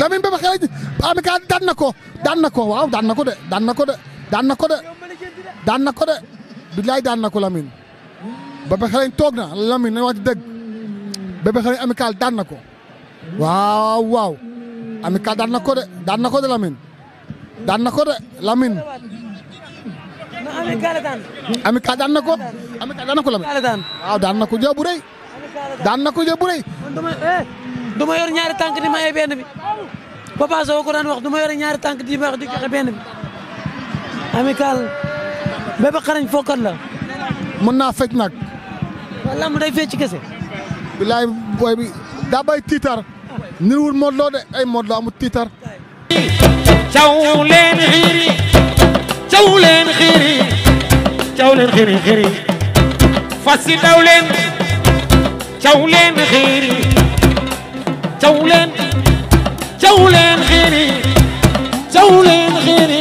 Lamine Bébé Xaragne amical daan na ko daan na ko waaw daan na ko de daan na ko de ko de na ko de bilaay daan na ko toog na Lamine na wax dëgg Bébé Xaragne amical daan ko waaw waaw amical daan na ko de daan na ko de Lamine daan na ko de Lamine waaw daan na ko bu daan na ko jël bu eh, yor ñaari tànk di ma ay bi Papa Sow ko daan wax du yor ñaari tànk di ma wax di bi. amical Bébé Xarañ fokkat la. mën naa fecc nag. waaw lamb day fecc kese. bilaay booy bi daa bay tiitar. niruwul Modou Lo de ay Modou Lo tiitar. caw leen xiri caw leen xiri caw daw leen. caw leen xiir yi caw leen caw leen xiir yi caw leen xiir yi